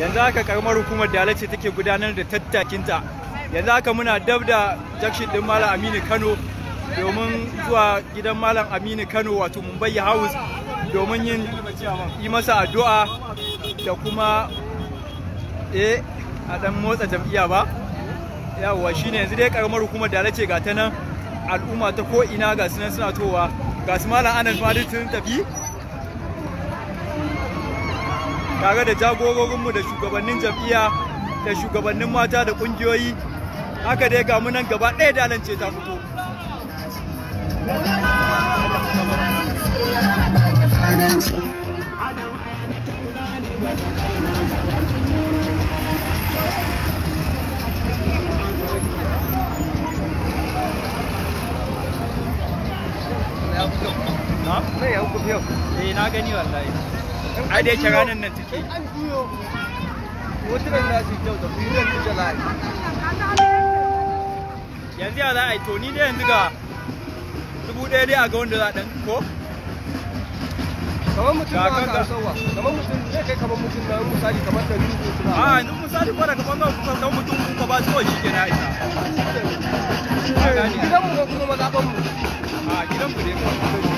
yanzu haka karamar hukumar da alace take gudanar da tattakinta yanzu haka muna dab da jakshin din malam aminu kano domin zuwa gidan malam aminu kano wato mumbai house domin yin yi masa addu'a da kuma eh a dan motsa jam'iyya ba yawwa shine yanzu dai karamar hukumar da alace ga ta nan al'umma ta ko ina ga sunan suna towa ga su malam anas ma duk tafi tare da jagororinmu da shugabannin jam'iyya da shugabannin mata da kungiyoyi haka dai ga nan gaba ɗaya da alance ta fito Na? Eh, na gani wallahi. ai da yake ranar nan take yanzu ya za a yi to ni dai yanzu ga dubu ɗaya dai a ga wanda za a ɗan ko kamar mutum ba ka sauwa kamar mutum zai kai kamar mutum na misali kamar da ni ko suna a ni misali ko da kamar ba ku kamar mutum ku ba zuwa shi ke na isa gidan mu ne kuma mazaɓan mu a gidan mu ne kuma